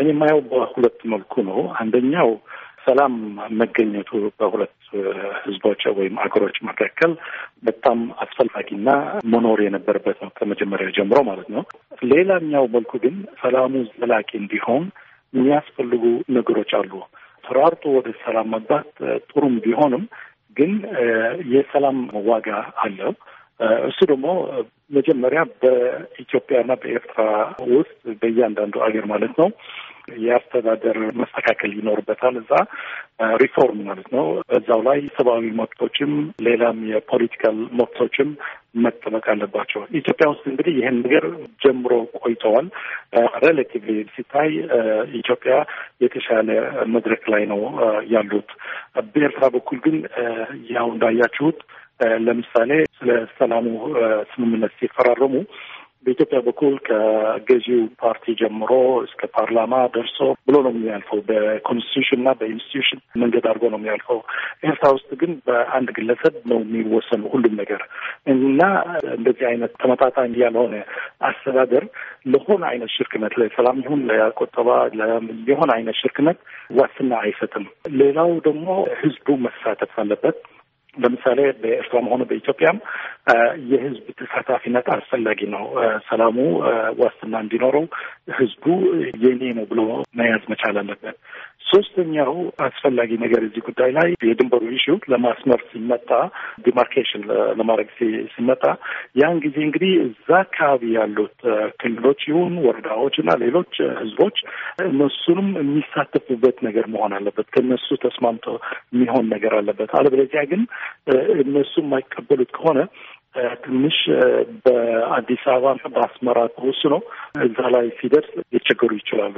እኔ የማየው በሁለት መልኩ ነው። አንደኛው ሰላም መገኘቱ በሁለት ህዝቦች ወይም አገሮች መካከል በጣም አስፈላጊና መኖር የነበረበት ነው ከመጀመሪያ ጀምሮ ማለት ነው። ሌላኛው መልኩ ግን ሰላሙ ዘላቂ እንዲሆን የሚያስፈልጉ ነገሮች አሉ። ተራርጦ ወደ ሰላም መግባት ጥሩም ቢሆንም ግን የሰላም ዋጋ አለው። እሱ ደግሞ መጀመሪያ በኢትዮጵያና በኤርትራ ውስጥ በእያንዳንዱ አገር ማለት ነው የአስተዳደር መስተካከል ይኖርበታል። እዛ ሪፎርም ማለት ነው። እዛው ላይ ሰብአዊ መብቶችም ሌላም የፖለቲካል መብቶችም መጠበቅ አለባቸው። ኢትዮጵያ ውስጥ እንግዲህ ይህን ነገር ጀምሮ ቆይተዋል። ሬሌቲቭሊ ሲታይ ኢትዮጵያ የተሻለ መድረክ ላይ ነው ያሉት። በኤርትራ በኩል ግን ያው እንዳያችሁት ለምሳሌ ስለ ሰላሙ ስምምነት ሲፈራረሙ በኢትዮጵያ በኩል ከገዢው ፓርቲ ጀምሮ እስከ ፓርላማ ደርሶ ብሎ ነው የሚያልፈው። በኮንስቲቱሽን እና በኢንስቲቱሽን መንገድ አድርጎ ነው የሚያልፈው። ኤርትራ ውስጥ ግን በአንድ ግለሰብ ነው የሚወሰኑ ሁሉም ነገር እና እንደዚህ አይነት ተመጣጣኝ ያልሆነ አስተዳደር ለሆነ አይነት ሽርክነት፣ ለሰላም ይሁን ለቆጠባ የሆነ አይነት ሽርክነት ዋስትና አይሰጥም። ሌላው ደግሞ ህዝቡ መሳተፍ አለበት። ለምሳሌ በኤርትራም ሆነ በኢትዮጵያም የህዝብ ተሳታፊነት አስፈላጊ ነው። ሰላሙ ዋስትና እንዲኖረው ህዝቡ የኔ ነው ብሎ መያዝ መቻል አለበት። ሶስተኛው አስፈላጊ ነገር እዚህ ጉዳይ ላይ የድንበሩ ኢሹ ለማስመር ሲመጣ ዲማርኬሽን ለማድረግ ሲመጣ ያን ጊዜ እንግዲህ እዛ አካባቢ ያሉት ክልሎች ይሁን ወረዳዎች እና ሌሎች ህዝቦች እነሱንም የሚሳተፉበት ነገር መሆን አለበት። ከነሱ ተስማምቶ የሚሆን ነገር አለበት። አለበለዚያ ግን እነሱ የማይቀበሉት ከሆነ ትንሽ በአዲስ አበባና በአስመራ ተወስኖ እዛ ላይ ሲደርስ ሊቸገሩ ይችላሉ።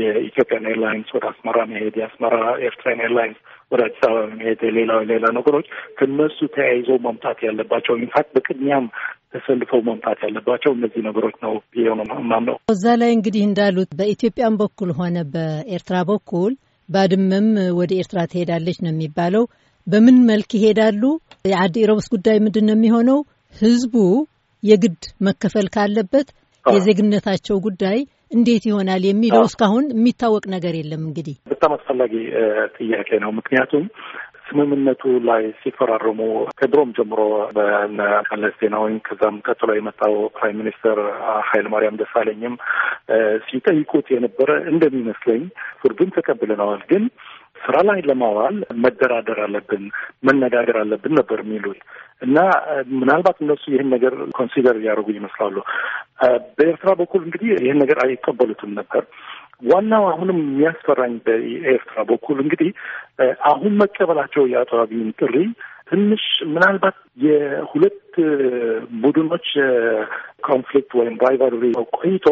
የኢትዮጵያን ኤርላይንስ ወደ አስመራ መሄድ፣ የአስመራ ኤርትራን ኤርላይንስ ወደ አዲስ አበባ መሄድ፣ ሌላ ሌላ ነገሮች ከነሱ ተያይዘው መምጣት ያለባቸው ኢንፋክት በቅድሚያም ተሰልፈው መምጣት ያለባቸው እነዚህ ነገሮች ነው የሆነ ማምነው። እዛ ላይ እንግዲህ እንዳሉት በኢትዮጵያን በኩል ሆነ በኤርትራ በኩል ባድመም ወደ ኤርትራ ትሄዳለች ነው የሚባለው በምን መልክ ይሄዳሉ? የአዲ ኢሮብስ ጉዳይ ምንድን ነው የሚሆነው? ህዝቡ የግድ መከፈል ካለበት የዜግነታቸው ጉዳይ እንዴት ይሆናል የሚለው እስካሁን የሚታወቅ ነገር የለም። እንግዲህ በጣም አስፈላጊ ጥያቄ ነው። ምክንያቱም ስምምነቱ ላይ ሲፈራረሙ ከድሮም ጀምሮ በመለስ ዜናዊም ከዛም ቀጥሎ የመጣው ፕራይም ሚኒስትር ኃይለማርያም ማርያም ደሳለኝም ሲጠይቁት የነበረ እንደሚመስለኝ ፍርዱን ተቀብለነዋል ግን ስራ ላይ ለማዋል መደራደር አለብን፣ መነጋገር አለብን ነበር የሚሉት እና ምናልባት እነሱ ይህን ነገር ኮንሲደር እያደረጉ ይመስላሉ። በኤርትራ በኩል እንግዲህ ይህን ነገር አይቀበሉትም ነበር። ዋናው አሁንም የሚያስፈራኝ በኤርትራ በኩል እንግዲህ አሁን መቀበላቸው የአቶ አብይን ጥሪ ትንሽ ምናልባት የሁለት ቡድኖች ኮንፍሊክት ወይም ራይቫልሪ ቆይቶ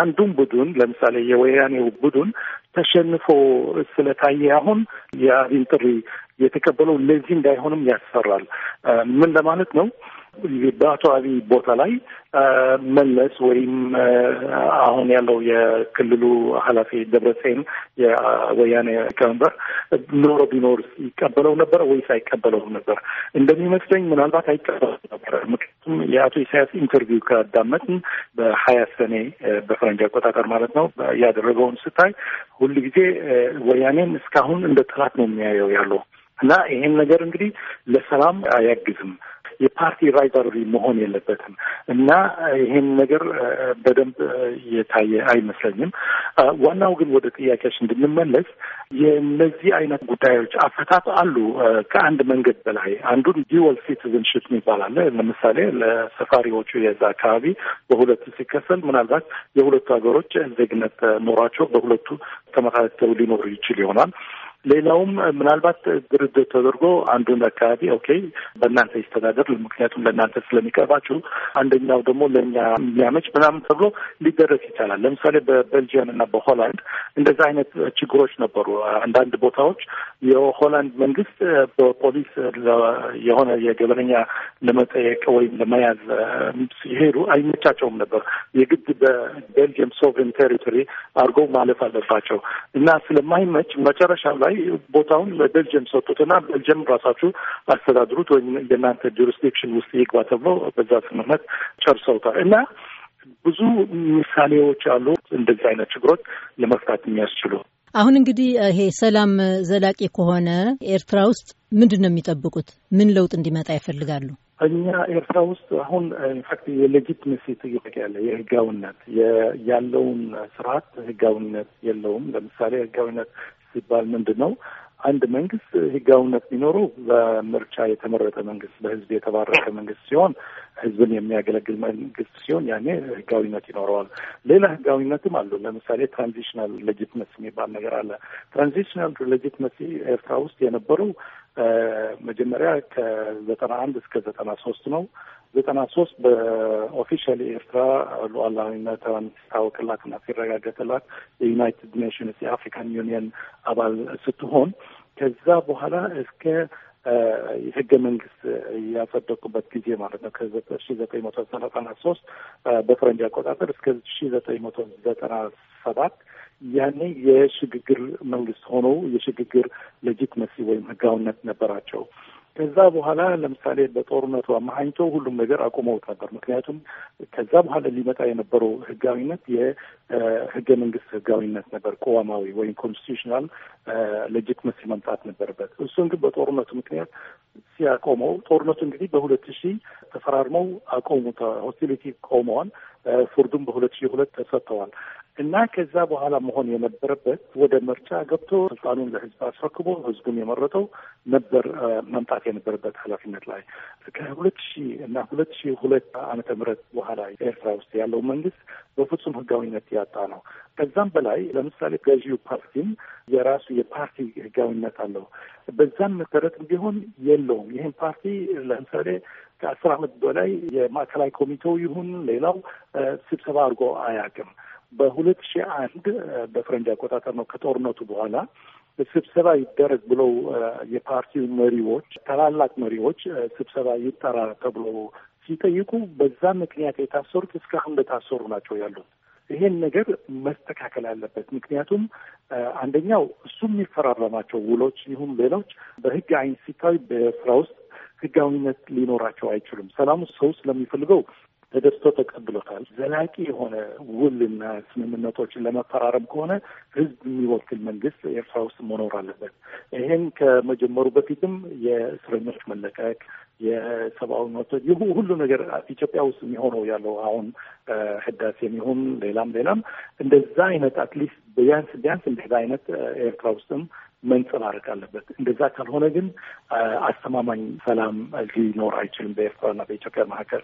አንዱን ቡድን ለምሳሌ የወያኔው ቡድን ተሸንፎ ስለታየ አሁን የአብን ጥሪ የተቀበለው ለዚህ እንዳይሆንም ያሰራል። ምን ለማለት ነው? በአቶ ቦታ ላይ መለስ ወይም አሁን ያለው የክልሉ ኃላፊ ደብረጽዮን የወያኔ ሊቀመንበር ኖሮ ቢኖር ይቀበለው ነበር ወይስ አይቀበለውም ነበር? እንደሚመስለኝ ምናልባት አይቀበለው ነበር። ምክንያቱም የአቶ ኢሳያስ ኢንተርቪው ካዳመጥን በሀያ ሰኔ በፈረንጅ አቆጣጠር ማለት ነው ያደረገውን ስታይ ሁል ጊዜ ወያኔን እስካሁን እንደ ጠላት ነው የሚያየው ያለው እና ይሄን ነገር እንግዲህ ለሰላም አያግዝም። የፓርቲ ራይቫልሪ መሆን የለበትም እና ይሄን ነገር በደንብ የታየ አይመስለኝም። ዋናው ግን ወደ ጥያቄዎች እንድንመለስ የእነዚህ አይነት ጉዳዮች አፈታት አሉ ከአንድ መንገድ በላይ አንዱን ዲወል ሲቲዝንሽፕ ይባላል። ለምሳሌ ለሰፋሪዎቹ የዛ አካባቢ በሁለቱ ሲከፈል ምናልባት የሁለቱ ሀገሮች ዜግነት ኖሯቸው በሁለቱ ተመካተው ሊኖሩ ይችል ይሆናል። ሌላውም ምናልባት ድርድር ተደርጎ አንዱን አካባቢ ኦኬ በእናንተ ይስተዳደር፣ ምክንያቱም ለእናንተ ስለሚቀርባችሁ፣ አንደኛው ደግሞ ለእኛ የሚያመች ምናምን ተብሎ ሊደረስ ይቻላል። ለምሳሌ በቤልጅየም እና በሆላንድ እንደዚ አይነት ችግሮች ነበሩ። አንዳንድ ቦታዎች የሆላንድ መንግስት በፖሊስ የሆነ የገበነኛ ለመጠየቅ ወይም ለመያዝ ሲሄዱ አይመቻቸውም ነበር። የግድ በቤልጅየም ሶቨሬን ቴሪቶሪ አድርገው ማለፍ አለባቸው እና ስለማይመች መጨረሻ ላይ ላይ ቦታውን ለቤልጅየም ሰጡትና ቤልጅየም ራሳችሁ አስተዳድሩት ወይም የእናንተ ጁሪስዲክሽን ውስጥ ይግባ ተብሎ በዛ ስምምነት ጨርሰውታል እና ብዙ ምሳሌዎች አሉ እንደዚህ አይነት ችግሮች ለመፍታት የሚያስችሉ። አሁን እንግዲህ ይሄ ሰላም ዘላቂ ከሆነ ኤርትራ ውስጥ ምንድን ነው የሚጠብቁት? ምን ለውጥ እንዲመጣ ይፈልጋሉ? እኛ ኤርትራ ውስጥ አሁን ኢንፋክት የሌጂትመሲ ጥያቄ ያለ የህጋዊነት ያለውን ስርዓት ህጋዊነት የለውም። ለምሳሌ ህጋዊነት ሲባል ምንድን ነው? አንድ መንግስት ህጋዊነት ቢኖረው በምርጫ የተመረጠ መንግስት፣ በህዝብ የተባረከ መንግስት ሲሆን ህዝብን የሚያገለግል መንግስት ሲሆን ያኔ ህጋዊነት ይኖረዋል። ሌላ ህጋዊነትም አሉ። ለምሳሌ ትራንዚሽናል ሌጂትመሲ የሚባል ነገር አለ። ትራንዚሽናል ሌጂትመሲ ኤርትራ ውስጥ የነበረው መጀመሪያ ከዘጠና አንድ እስከ ዘጠና ሶስት ነው። ዘጠና ሶስት በኦፊሻሊ ኤርትራ ሉዓላዊነቷን ሲታወቅላት እና ሲረጋገጥላት የዩናይትድ ኔሽንስ የአፍሪካን ዩኒየን አባል ስትሆን ከዛ በኋላ እስከ የህገ መንግስት ያጸደቁበት ጊዜ ማለት ነው። ከሺ ዘጠኝ መቶ ዘጠና ሶስት በፈረንጅ አቆጣጠር እስከ ሺ ዘጠኝ መቶ ዘጠና ሰባት ያኔ የሽግግር መንግስት ሆኖ የሽግግር ሌጂትመሲ ወይም ህጋዊነት ነበራቸው። ከዛ በኋላ ለምሳሌ በጦርነቱ አመካኝቶ ሁሉም ነገር አቁመውት ነበር። ምክንያቱም ከዛ በኋላ ሊመጣ የነበረው ህጋዊነት የህገ መንግስት ህጋዊነት ነበር፣ ቆዋማዊ ወይም ኮንስቲቱሽናል ሌጂትመሲ መምጣት ነበረበት። እሱን ግን በጦርነቱ ምክንያት ሲያቆመው ጦርነቱ እንግዲህ በሁለት ሺህ ተፈራርመው አቆሙ፣ ሆስቲሊቲ ቆመዋል። ፍርዱም በሁለት ሺህ ሁለት ተሰጥተዋል። እና ከዛ በኋላ መሆን የነበረበት ወደ ምርጫ ገብቶ ስልጣኑን ለህዝብ አስረክቦ ህዝቡን የመረጠው ነበር መምጣት የነበረበት ኃላፊነት ላይ ከሁለት ሺ እና ሁለት ሺ ሁለት ዓመተ ምህረት በኋላ ኤርትራ ውስጥ ያለው መንግስት በፍጹም ህጋዊነት ያጣ ነው። ከዛም በላይ ለምሳሌ ገዢው ፓርቲም የራሱ የፓርቲ ህጋዊነት አለው። በዛም መሰረት ቢሆን የለውም። ይህን ፓርቲ ለምሳሌ ከአስር ዓመት በላይ የማዕከላዊ ኮሚቴው ይሁን ሌላው ስብሰባ አድርጎ አያውቅም። በሁለት ሺህ አንድ በፈረንጅ አቆጣጠር ነው ከጦርነቱ በኋላ ስብሰባ ይደረግ ብለው የፓርቲው መሪዎች ታላላቅ መሪዎች ስብሰባ ይጠራ ተብሎ ሲጠይቁ በዛ ምክንያት የታሰሩት እስካሁን እንደታሰሩ ናቸው ያሉት። ይሄን ነገር መስተካከል አለበት። ምክንያቱም አንደኛው እሱ የሚፈራረማቸው ውሎች ይሁን ሌሎች በህግ አይን ሲታይ በስራ ውስጥ ህጋዊነት ሊኖራቸው አይችሉም። ሰላሙ ሰው ስለሚፈልገው ተደስቶ ተቀብሎታል። ዘላቂ የሆነ ውልና ስምምነቶችን ለመፈራረም ከሆነ ህዝብ የሚወክል መንግስት ኤርትራ ውስጥ መኖር አለበት። ይሄን ከመጀመሩ በፊትም የእስረኞች መለቀቅ፣ የሰብአዊ መብቶች ሁሉ ነገር ኢትዮጵያ ውስጥ የሚሆነው ያለው አሁን ህዳሴ የሚሆን ሌላም ሌላም እንደዛ አይነት አትሊስት ቢያንስ ቢያንስ እንደዛ አይነት ኤርትራ ውስጥም መንጸባረቅ አለበት። እንደዛ ካልሆነ ግን አስተማማኝ ሰላም ሊኖር አይችልም በኤርትራና በኢትዮጵያ መካከል።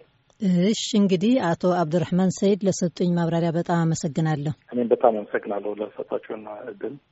እሺ እንግዲህ አቶ አብዱራህማን ሰይድ ለሰጡኝ ማብራሪያ በጣም አመሰግናለሁ። እኔም በጣም አመሰግናለሁ ለሰጣችሁን እድል።